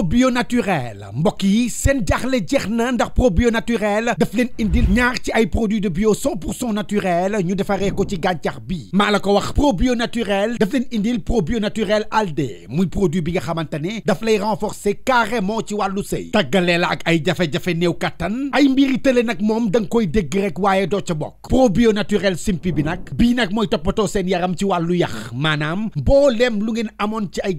bio naturel mbokk yi seen jaaxle jeex ndax probio naturel daf leen indil ñaar ci ay produits de bio 100 naturel ñu defaree ko ci gàncax bi maa wax probio naturel daf leen indil probio naturel alde muy produit bi nga xamante ne daf lay renforcer carrément ci wàllu sëy tàggalee la ak ay jafe-jafe néew mom, ay mbiri tële nag moom da nga koy rek ca probio naturel simpi bi nag bii nag mooy toppatoo seen yaram ci wàllu yax maanaam mbooleem lu ngeen amoon ci ay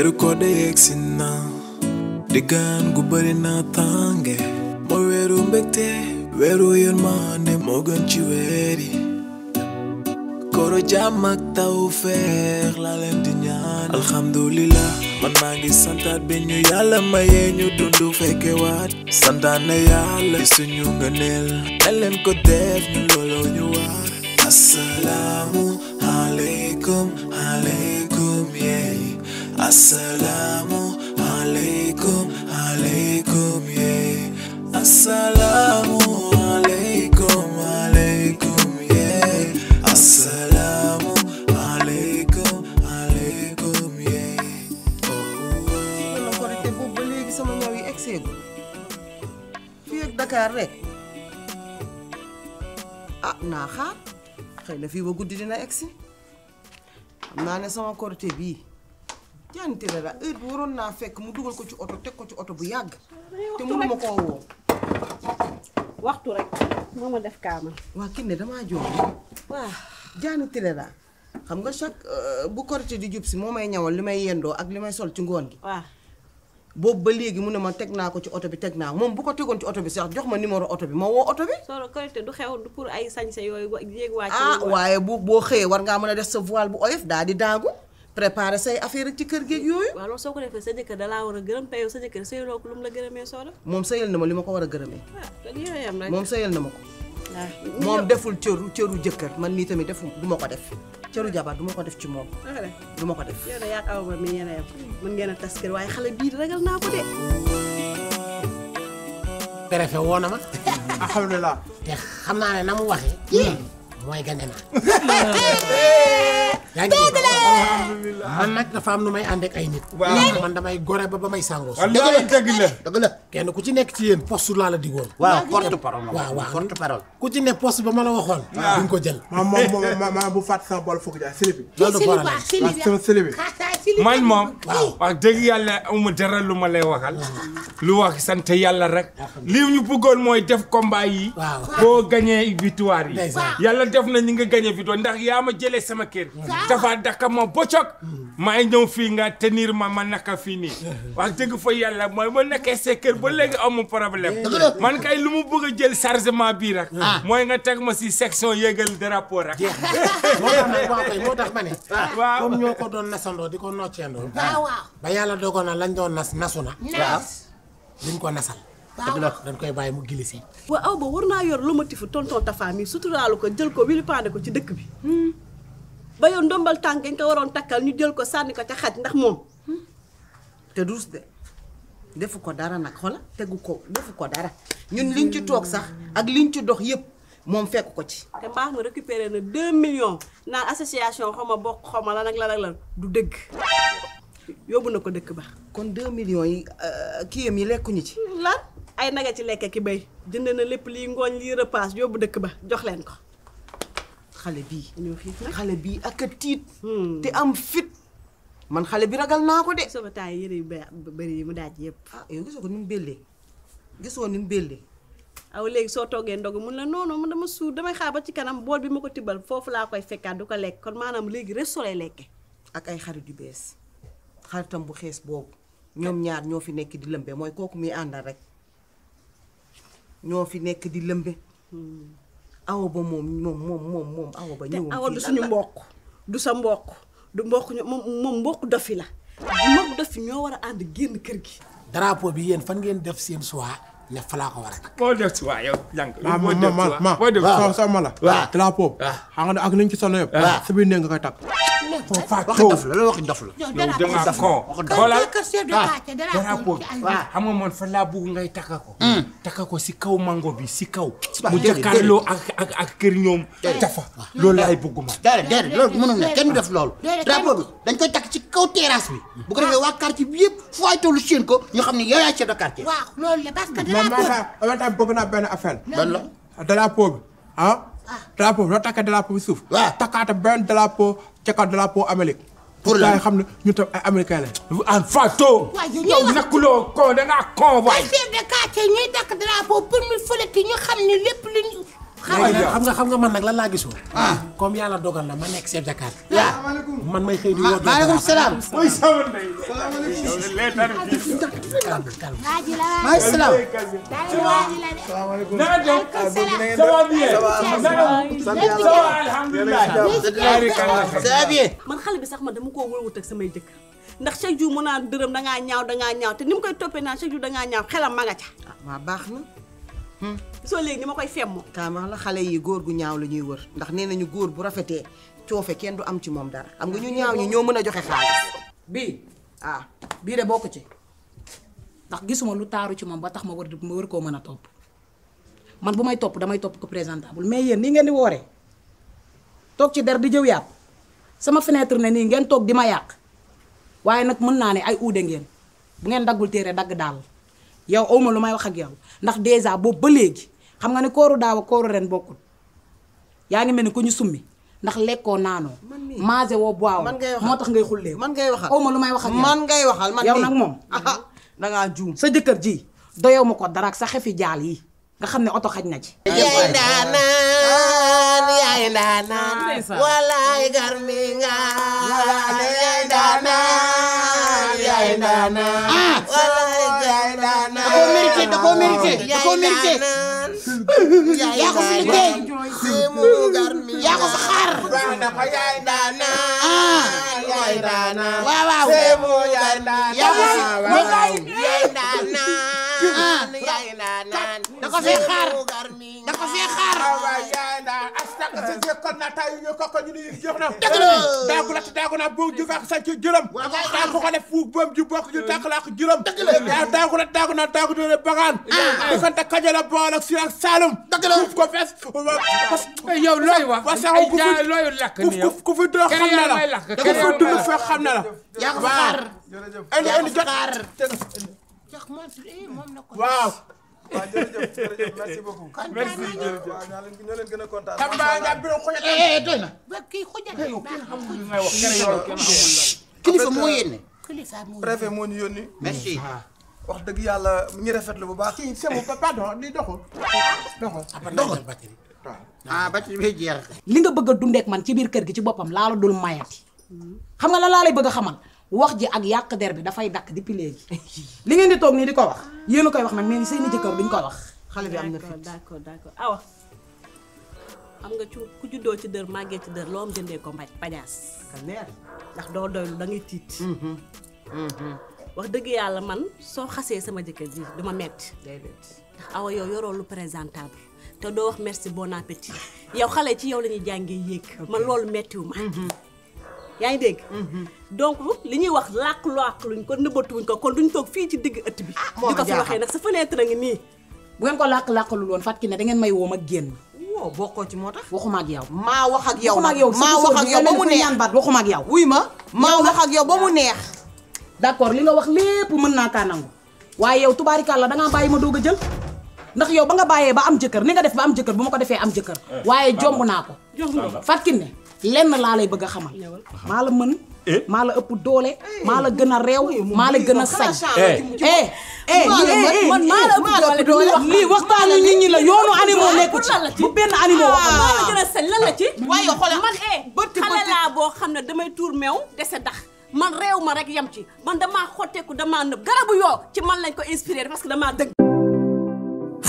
Pero kode eksina Digan gu bari na tange Mo weru mbekte Weru yermane mogan weri Koro jamak tau fer la len Alhamdulillah man mangi ngi santat bi ñu yalla maye nyu dundu wat waat Santane yalla suñu ngeenel Elen ko def lolo nyu war Assalamu alaikum alaikum السلام عليكم عليكم يا السلام عليكم عليكم يا السلام عليكم عليكم يا la korité boobu ba léegi sama ñaw yi egseegul fii ak Dakar rek ah naa xaar xëy na fii ba guddi dina egsi xam naa ne sama korité bii janti dara heure bi waroon naa fekk mu dugal ko ci oto teg ko ci oto bu yàgg. te mënu ma koo woo. waxtu rek moo ma def kaama. waa Kiné damaa jox waa janti dara xam nga chaque euh, bu korité di jub si moo may ñawal li may yendoo ak li may sol ci ngoon gi. waaw boobu ba léegi mu ne ma teg naa ko ci oto bi teg naa moom bu ko tegoon ci oto bi sax jox ma numéro oto bi ma woo oto bi. soo korité du xew pour ay sañse yooyu yéeg waa. ah waaye bu boo xëyee war ngaa mën a def sa voile bu oyof daa di daagu. préparer say affaire ak ci kër gi ak yooyu. waaw loolu soo ko defee sa jëkkër da laa war a gërëm tey sa jëkkër sëyuloo ko lu mu la gërëmee soo la. moom sëyal na ma li ma ko war a gërëmee. Ah, waaw moom sëyal na ma ko. Ah, moom deful cëru cëru jëkkër man mii tamit defu du ma ko def. cëru jabar du ma ko def ci moom. Ah, du ma ko def. yow de yaa aw ma mi yéen a yem mën ngeen a tas kër waaye xale bii ragal naa ko de. préfet woo na ma. alhamdulilah. te xam naa ne na mu waxee. mooy gane na. yaa ngi man nag dafa am nu may ànd ak ay nit. waaw man damay gore ba ba may sangoo. wallaahi dëgg la dëgg la kenn ku ci nekk ci yéen poste laa la digoon. waaw porte parole waaw waaw porte parole. ku ci ne poste ba ma la waxoon. waaw ko jël. ma ma ma ma bu fat sama bool foog ja silibi. loolu silibi man moom. waaw wax dëgg yàlla amuma dara ma lay waxal. lu wax sant yàlla rek. li ñu bëggoon mooy def combat yi. waaw boo gagné victoire yi. yàlla def na ñi nga gagné victoire ndax yaa ma sama kër. dafa daka ma maay ñëw fii nga tenir ma ma naka fii nii wax dëgg fa yalla mooy man nekkee sa kër ba léegi amu problème man kay lu mu bëgg a jël sargement bii rek ah. mooy nga teg ma si section yéegal drapeau rek moo tax nag tax ma waaw comme ñoo ko doon nasandoo di ko nocceendoo ah, ba yàlla dogoon na lañ doon nas nasu na duñ ko nasal dañ koy bàyyi mu glissé waaw aw ba war naa yor lomotifu tonton Tafa mi suturaalu ko jël ko wili paande ko ci dëkk bi hmm. ba yow ndombal tànk dañ ko waroon takkal ñu jël ko sànni ko ca xaj ndax moom te duus de defu ko dara nag xoola tegu ko defu ko dara ñun liñ ci toog sax ak liñ ci dox yëpp moom fekk ko ci te mbaax ma récupéré na 2 million naan association xaw ma bokk xaw ma lan ak lan ak lan du dëgg yóbbu na ko dëkk ba kon 2 millions yi euh, kiyam yi lekkuñu ci lan ay a ci lekk ki béy jënd na lépp liy ngooñ liy repasse yóbbu dëkk ba jox leen ko xale bii. xale bii ak a tiit. Hmm. te am fit. man xale bi ragal naa ko de. soo ko taayee yére yu bëri yi mu daaj yëpp. ah yow gisoo ko ni mu bellee gisoo ni mu bellee. aw léegi soo toggee ndog mun la non non dama suur damay xaar ba ci kanam bool bi ma ko tibbal foofu laa koy fekkaat du ko lekk kon maanaam léegi rek lay lekke ak ay xarit yu bees xaritam bu xees boobu ñoom ñaar ñoo fi nekk di lëmbe mooy kooku muy àndal rek ñoo fi nekk di lëmbe. Hmm. awa ba moom moom moom moom moom awa ba ñëw awa du suñu mbokk du sa mbokk du mbokk ño moom mbokk dofi la mbokk dofi ñoo war a ànd génn kër gi drapeau bi yéen fan ngeen def seen choix ne fa laa ko war a takk boo def choix yow jàng boo def choix boo def choix sama la drapeau xam nga ne ak liñ ci sonn yëpp sa biir néeg nga koy takk waxi dof la loolu waxi dof la. yow dangaa ko xoolal ah. ah. xam nga fa laa bugg ngay hmm. takka ko. si kaw mango bi si kaw. mu jëkkaarloo ak ak ak kër ñoom. tafa ah. loolu laay bugg ma. déedéet loolu mënul ne kenn du def loolu. drapeau bi dañ koy takk ci kaw terrasse bi. Hmm. bu ko defee waa quartier bi yëpp fu ay tollu seen ko ñu xam ne yow yaay chef de quartier. waaw loolu la parce que drapeau bëgg naa benn loo takkee drapeau bi suuf. waaw takkaate benn drapeau caka drapeau Amérique. pour la xam ne ñu tam ay américain lañ. en fato. waaye yow nekkuloo ko da ngaa ko waay. chef de quartier ñuy dakk drapeau pour ñu fële ñu xam ne lépp xam nga xam nga man nag lan laa gisoo. Ah. comme yàlla dogal na ma nekk chef de quartier. man may xëy di ah, woo. maaleykum salaam mooy sama ndey. man xale bi sax ma dama koo wërwut ak samay dëkk ndax chaque jour mu naan dërëm dangaa ñaaw dangaa ñaaw te ni mu koy toppee naan chaque jour dangaa ñaaw xelam ma nga ca. Ah, waaw baax na. so léegi ni makoy fem femm kaama la xalé yi góor gu ñaaw la ñuy wër ndax nee nañu góor bu rafété ciofé kenn du am ci mom dara xam nga ñu ñaaw ñi ñoo mëna joxé xaal bi ah bi de bokku ci ndax gisuma lu taaru ci mom ba tax ma wër ma wër ko mëna top, man bu may top damay top ko présentable mais yeen ni ngeen di woré tok ci der di jëw yaap sama fenêtre ne ni ngeen tok di ma yàq waaye nag mën na né ay oudé ngeen bu ngeen dagul téré dag dal yow awma lu may wax ak yow ndax dèjà boobu ba léegi xam nga ne kooru daaw ak kooru ren bokkul yaa ngi mel ni ku ñu summi ndax lekkoo naanoo. maase woo boaw moo tax ngay xullee man ngay waxal aw ma lu may waxal man ngay waxal man yow nag moom dangaa sa jëkkër ji doyoo ko dara ak sa xefi jaal yi nga xam ne oto xaj na ci. yaay daanaan yaay daanaan koo mérité da koo mérité yaa ko fi liggéey yaa ko fi xaar ah waaw waaw yaa ko fi ah da ko fee xaar da ko fee xaar. Euh. naata yu ñu ko ko ñu ni jox na daagu la daagu na boobu ju ak sa ci juróom daa ko ko def fu boobu ju bokk ju tàq la ak juróom daagu la daagu na daagu doone bagaan diggante Kajoor la Bawol ak Siin ak Saalum kuuf ko fees yow looy wax looyu lakk ni yow ku fi doo xam na la ku fi dund foo xam na la yaa ko xaar indi indi jot waaw waaw jërëjëf jërëjëf a kontaan. xam nga nga biro xojate. doy kilifa moo yónni. kilifa moo yónni préfet moo ñu yónni. merci. Ah. wax dëgg yàlla ñu ngi rafetlu bu baax. kii c'est bon pardon di doxul. doxul ah, doxul. ah batterie bi jeex. li nga bëgg a dundeek man ci biir kër gi ci boppam laa la dul mayati. xam nga la laa lay bëgg a xamal. wax ji ak yàq der bi dafay dakk depuis léegi li ngeen di toog nii di ko wax yéen a koy wax nag mais seen i jëkkër duñ ko wax xale bi am na fit d'accord d'accord awa xam nga cu ku juddoo ci dër màggee ci dër loo am ko mbaj pajaas ndax doo doylu da tiit mm-hmm. Mm-hmm. wax dëgg yàlla man soo xasee sama jëkkër ji du metti ndax awa yow yoroo lu présentable te doo wax merci bon appétit yow xale ci yow la ñuy jàngee yéeg man loolu mettiwu ma mm-hmm. yaay deg mhm. donc li ñuy wax làkk làkk luñ ko nëbbatuwuñ ko kon duñ tok fi ci digg eut bi ah, di ko fi waxee nag sa fenêtre nga ni bu ngeen ko lak lak lu won fatki ne da ngeen may woo ma genn wo boko ci motax waxuma ak yaw ma wax ak yaw ma wax ak yaw ba mu neex baat waxuma ak yaw wuy ma ma wax ak yaw ba mu neex d'accord li nga wax lepp mën na ka nangu waye yow tubaarikàlla dangaa bàyyi ma doog a jël ndax yow ba nga baye ba am jëkkër ni nga def ba am jëkkër buma ko defé am jëkkër eh, waye jombu nako ko Fatou lenn laa lay bëgg a xamal maa la mën eh? maa la ëpp doole eh. maa la gën a réew maa la gën a sañ eh eh, eh man maa la ëpp doole lii waxtaanu nit ñi la yoonu animaux nekku ci bu benn animaux ah. wax maa la gën a sañ lan la ci waaye boo xam ne damay tuur meew dese dax man réew ma rek yam ci man damaa xotteeku damaa nëb garabu yoo ci man lañ ko inspiré parce que damaa dëgg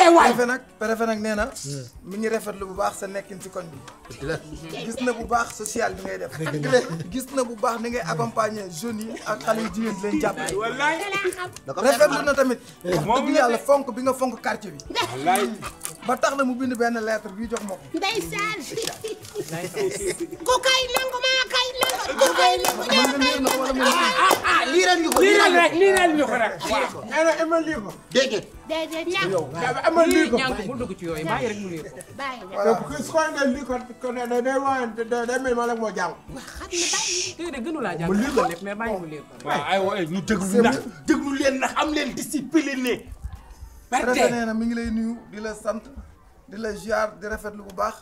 dee waay. préfet nag préfet nag nee na. mi bu baax sa nekkin ci koñ bi. gis na bu baax social bi ngay def. gis na bu baax ni ngay accompagner jeunes yi ak xale yu jigéen di leen jàppale. wallaay rafetlu na tamit. moom dëgg yàlla fonk bi nga fonk quartier bi. wallaay. ba tax na mu bind benn leetre bi jox ma ko. ndeysaan. ku kay nangu maa kay nangu. ku kay nangu ñoo kay nangu. liiral ko liiral rek liiral ñu ko lii ko. lii ko ci yooyu bàyyi rek mu lii ko. bàyyi rek lii ko ko nee na day waayante day mel moo jàng. waaw xam nga bàyyi. tey de gënu laa jàng ko lépp mais bàyyi mu lii ko. waaw aywa ñu déglu ndax leen ndax am leen discipline. barke mi ngi lay nuyu di la sant di la ziar di rafetlu bu baax.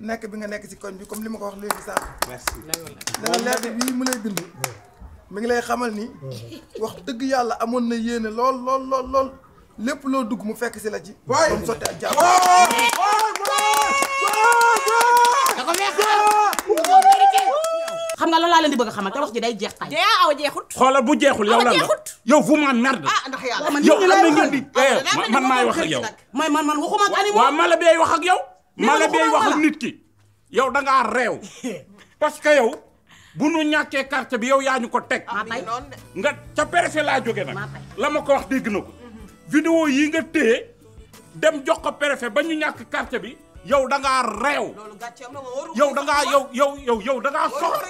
nekk bi nga nekk ci koñ bi comme li ma ko wax léegi sax. merci dana leer bi mu lay bind. mi ngi lay xamal ni wax deug yalla amon na yene lol lol lol lol lepp lo dugg mu fekk ci la ci waaye soti ak xam nga lan leen di bëgg xamal te wax ji day jeex tay jeex aw jeexut xolal bu jeexul yow la yow fu ma merde ah ndax yàlla man yow am na ngeen di ah, eh, man may wax ak yow may man man waxuma ak animal wa mala bey wax ak yow mala bey wax ak nit ki yow da nga rew parce que yow bu nu ñàkkee carte bi yow yañu ko tek nga ca presse la joggé nak lama ko wax dégg nako vidéo yi nga té dem jox ko préfet bañu ñak carte bi. yow da ngaa réew. yow da ngaa yow yow yow yow da ngaa soxor.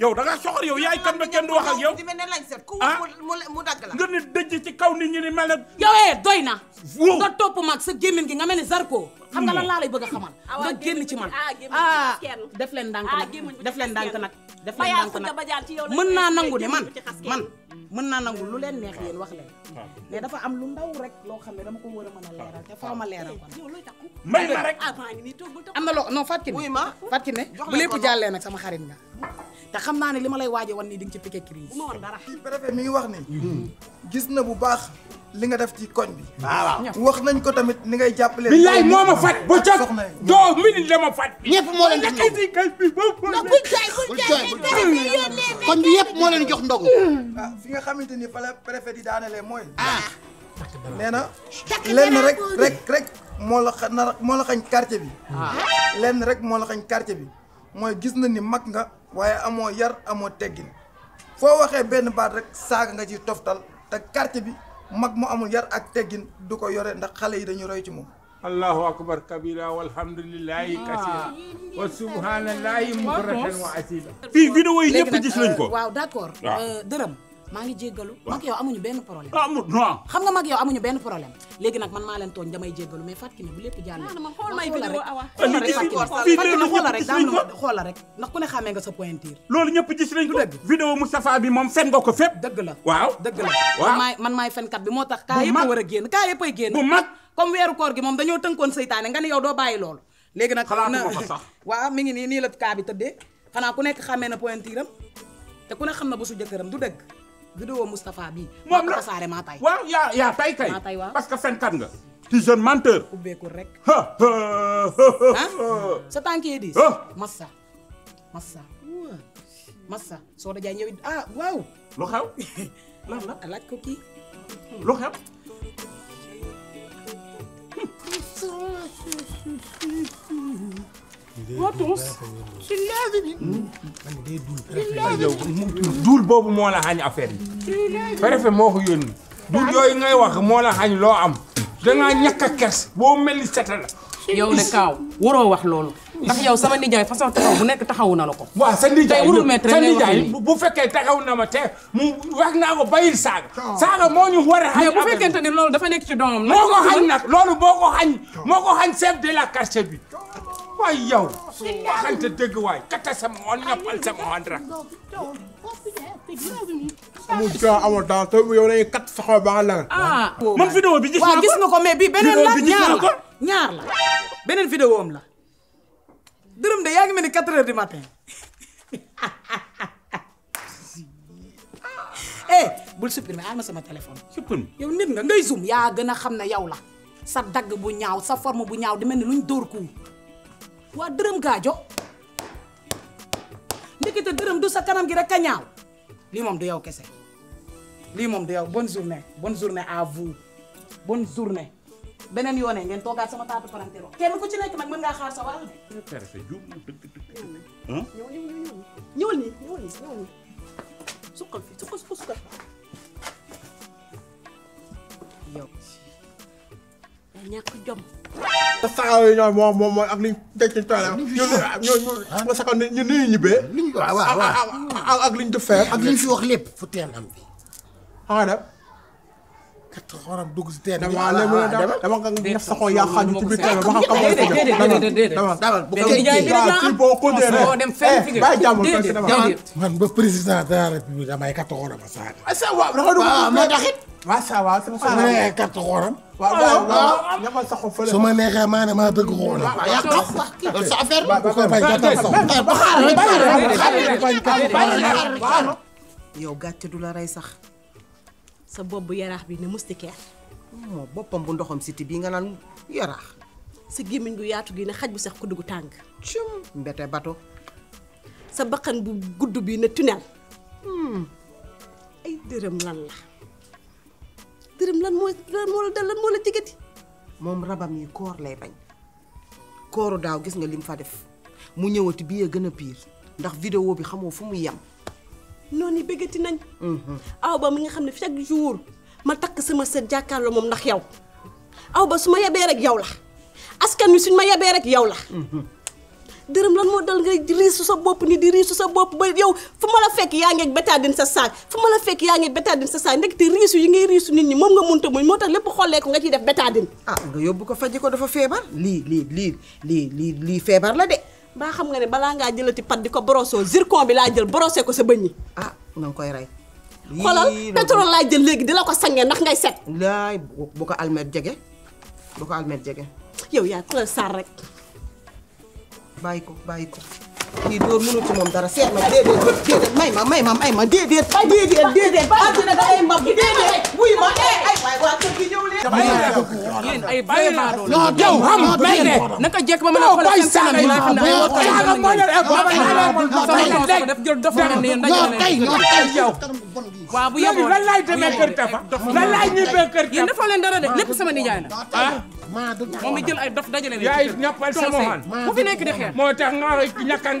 yow da ngaa soxor yow yaay kan ba kenn du wax ak yow. ah nga ne dëj ci kaw nit ñi ni mel ne. yow doy na. wóo nga topp mag sa gémmiñ gi nga mel ni ko xam nga lan laa lay bëgg a xamal. Ah, nga génn ci man ah, ah def leen ndànk ah, nag def leen ndànk nag. def leen ndànk nag mën naa nangu ne man man. mën naa nangu lu leen neex yéen wax leen ah. mais dafa am lu ndaw rek loo xam ne dama ko war a mën a leeral te faaw ma leeral ko may ma rek am na loo non fàttali ne fàttali ne bu lépp jàllee nag sama xarit nga te xam naa ne li ma lay waaje wan nii di nga ci piqué crise mi ngi wax ni hmm. gis na bu baax li nga def ci koñ bi. Ah, wax nañ ko tamit ni ngay jàppale. billaay moo ma fat ba ca doo minute la ma fat. ñëpp moo leen jox ndogu kay bi ba. koñ bi yëpp moo leen jox ndogu. ah fi nga xamante ni pala préfet di daanelee mooy. ah. nee na lenn rek la xañ quartier bi. Ah. lenn rek moo la bi mooy gis na ni mag nga waaye amoo yar amoo teggin foo waxee benn baat rek saaka nga ci toftal te quartier bi. mag mu amul yar ak teggin du ko yore ndax xale yi dañu roy ci moom allahu akbar kabira walhamdulillahi kasira ah. wa subhanallahi mukratan wa asila fii vidéo yi ñëpp gis nañ ko waaw d'accord ah. euh, dërëm maa ngi jéggalu mag yow amuñu benn problème ah, xam nga mag yow amuñu benn problème léegi nag man maa leen tooñ damay jéggalu mais Fatou Kiné bu lépp jàll xoola rek xoola rek loolu moom fen nga ko fépp dëgg la waaw dëgg la waaw man maay fenkat bi moo tax kaa yëpp war a génn kaa yëpp ay génn bu mag comme weeru koor gi moom dañoo tënkoon seytaane nga ne yow doo bàyyi loolu léegi nag waaw mi ngi nii nii la kaa bi tëddee xanaa ku nekk xàmmee na pointure am te ku ne xam na bu jëkkëram du dëgg vidéo Moustapha bi moom la ya, ya, tasaare maa tay waaw yaa yaa tay kay maa tay waaw parce que kan nga di jeune menteur ubbeekul rek ha sa yi diis massa massa massa soo da jaay ñëwit ah waaw lu xew lan la laaj ko kii lu xew Hmm. motus si laabi bi duul boobu moo la xañ affaire yi moo ko yónni duul yooyu ngay wax moo la xañ loo am dangaa ñàkk a kers boo mel ni seta la yow ne kaaw waroo wax loolu ndax yow sama nijaay façon bu nekk taxawu na la ko waaw sa nijaay sa nijaay bu fekkee taxaw na ma te mu wax naa ko bayil saaga saaga moo ñu war a xañ bu fekkente ni loolu dafa nekk ci doomam moo ko xañ loolu boo ko xañ moo ko xañ chef de la quartier bi waay yow waxante dëgg waay kata sama woon ñoppal sama woon rek amul daa amul daa te yow dañuy kat saxoo ba nga man vidéo bi gis nga ko mais bi beneen la ñaar la beneen vidéo am la dërëm de yaa ngi mel ni quatre heures du matin eh bul supprimer al ma sama téléphone supprimer yow nit nga ngay zoom yaa gën a xam ne yow la sa dagg bu ñaaw sa form bu ñaaw di mel ni luñ dóor ku wa deureum gaajo ndekete deureum du sa kanam gi rek ka ñaaw li mom du yow kesse li mom du yow bonne journée bonne journée à vous bonne journée benen yone ngeen togaat sama tata parentero kenn ku ci nek nak mën nga xaar sa wal deug deug hein ñew ñew ñew ñew ni ñew ni ñew ni sukkal fi sukkal sukkal yow. ñàkk jom. saxaar ñoom moo moom mooy ak liñ denc toolam. ñu ñu saxoon ne ñu nii ñibbee. liñ waaw waaw ak liñ def ak liñ fi wax lépp fu teen am bi. xanaa dem. kat xaram dugg si teen bi dama dama nga def sa xol yaa xaaju ci biir teen bi ma xam xamal ko dama dama bu ko ci boo ko dee rek bàyyi jàmbur parce que dama man ba président de la république damay kat xaram sa sa waaw da nga dugg ma taxit ma sa waaw sama sa ma kat xaram waaw waaw ñama sa xol fële su ma neexee maa ne maa bëgg xoolam ya tax sa affaire bu ko bañ ka tax ba xaar ba xaar yow gàcce du la rey sax sa bopp bu yaraax bi ne moustiquaire. moo oh, boppam bu ndoxam siti bii nga naan yaraax. si gémmiñ gu yaatu gi ne xaj bu sax ku gu tàng. cum mbete bato. sa baqan bu gudd bii ne tunnel. Hmm. ay dërëm lan la. dërëm lan moo dal lan moo la jigati moom rabam yi koor lay bañ. kooru daaw gis nga lim fa def mu ñëwati bi a gën a piir ndax vidéo bi xamoo fu mu yem. noonu yi bëggati nañ. aw ba mi nga xam ne chaque jour ma takk sama sët jàkkaarloo moom ndax yow aw ba su ma yebee rek yow la askan wi suñ ma yebee rek yow la. dërëm lan moo dal ngay riisu sa bopp ni di riisu sa bopp ba yow fu ma la fekk yaa ngi betadine sa saak fu ma la fekk yaa ngi betadine sa saak ndekete riisu yi ngay riisu nit ñi moom nga munta muñ moo tax lépp xollee ko nga ciy def betadine. ah nga yóbbu ko faji ko dafa feebar lii lii lii lii lii lii feebar la de. mbaa xam nga ne balaa ngaa jëlati pat di ko borosoo zircon bi laa jël borosé ko sa bëñ yi. ah na nga koy rey. xolal pétrole laa jël léegi di la ko sangee ndax ngay set. laay bu ko almet jege bu ko almet jege. yow yaa tëral saar rek. bàyyi ko bàyyi ko. kii dóor mënul ci moom dara seet ma déedéet déedéet may ma may ma may ma déedéet déedéet déedéet àddina da ngay mbab déedéet wuy ma eh, ay waay waa kër gi ñëw leen yéen ay baye baadoo non yow xam may ne naka jekk ba mën a xool seen kanam yi xam ne ay mo ñal ak ba ba def jël dof na ne yéen dañu ne kay yow waa bu yeboo lan laay demee kër tafa lan laay ñibbee kër tafa yéen defoo leen dara de lépp sama nijaay la ah moom mi jël ay dof dajale ne yaay ñappal sama xol bu fi nekk di xeer moo tax nga ñàkk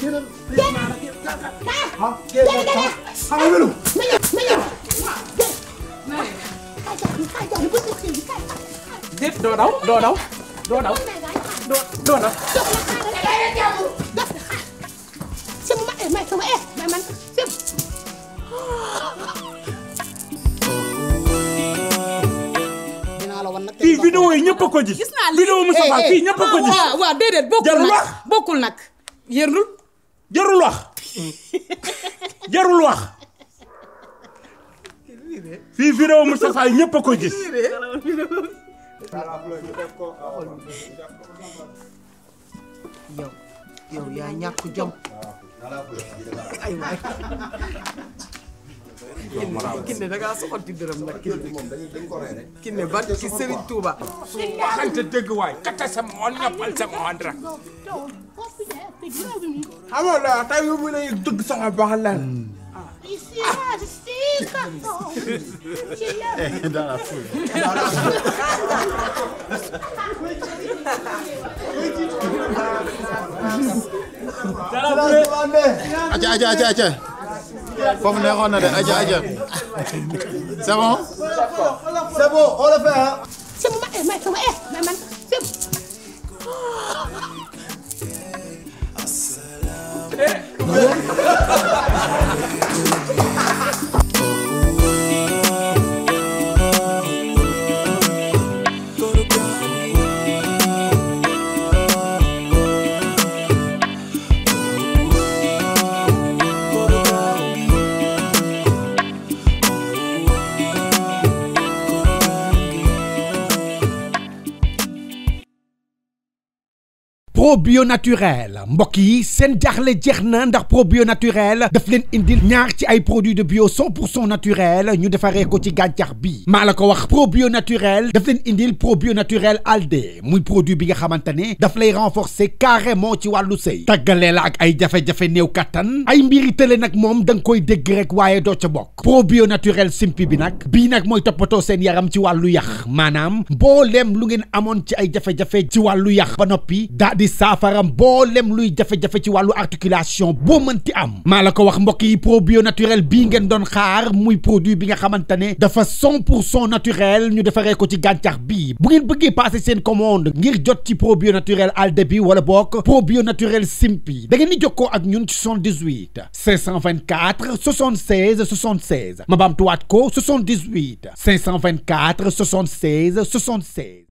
Kia lên, kia lên, kia lên, kia lên, kia lên, Giết đồ đấu, đồ đấu, đồ đấu, đồ đồ đấu. Xem mẹ mẹ xem mẹ, mẹ mắn, xem. fii vidéo yi ñëpp a ko gis. gis naa lii vidéo Moustapha fii ñëpp a ko gis. waaw waaw déedéet bokkul nag bokkul nag yërul. jarul wax jarul wax fii vidéo Moussa Fall ñëpp a ko gis. yow yow yaa ñàkk jom ay waay kinne da ngaa soxanti dërëm nag kinne ba ci Serigne Touba su waay kata sama on ñoppal sama Ama la ta yu mu ne dug sa ba halal. Ici Aja aja aja aja. Foofu neexoon aja aja. C'est bon? C'est bon, on le fait hein. C'est 네. probio naturel mbokk yi seen jaaxle ndax probio naturel daf leen indil ñaar ci ay de bio 100 naturel ñu defaree ko ci gàncax bi maa wax probio naturel daf leen indil probio naturel alde muy produit bi nga xamantane daf lay renforcer carrément ci walu sëy tagalé la ak ay jafé jafé new katan ay mbiri télé nak mom dang koy dégg rek probio naturel simpi bi nak bi nak moy topato sen yaram ci wàllu yax bo lem lu ngeen amone ci ay jafé jafé ci walu ba saafara mboolem luy jafé jafé ci walu articulation bon, ti am malako wax mbokk yi probio naturel bi ngeen don xaar muy produit bi nga xamantane de dafa 100 naturelle, nous naturel ñu defaree ko ci gàncax bi bu ngeen bëggé passer seen commande ngir jot ci probio naturel alde bi wala bok probio naturel simpi da ngeen di jokkoo ak ñun ci 78 524 76 76 ma baamtuwaat ko 78 524 76 76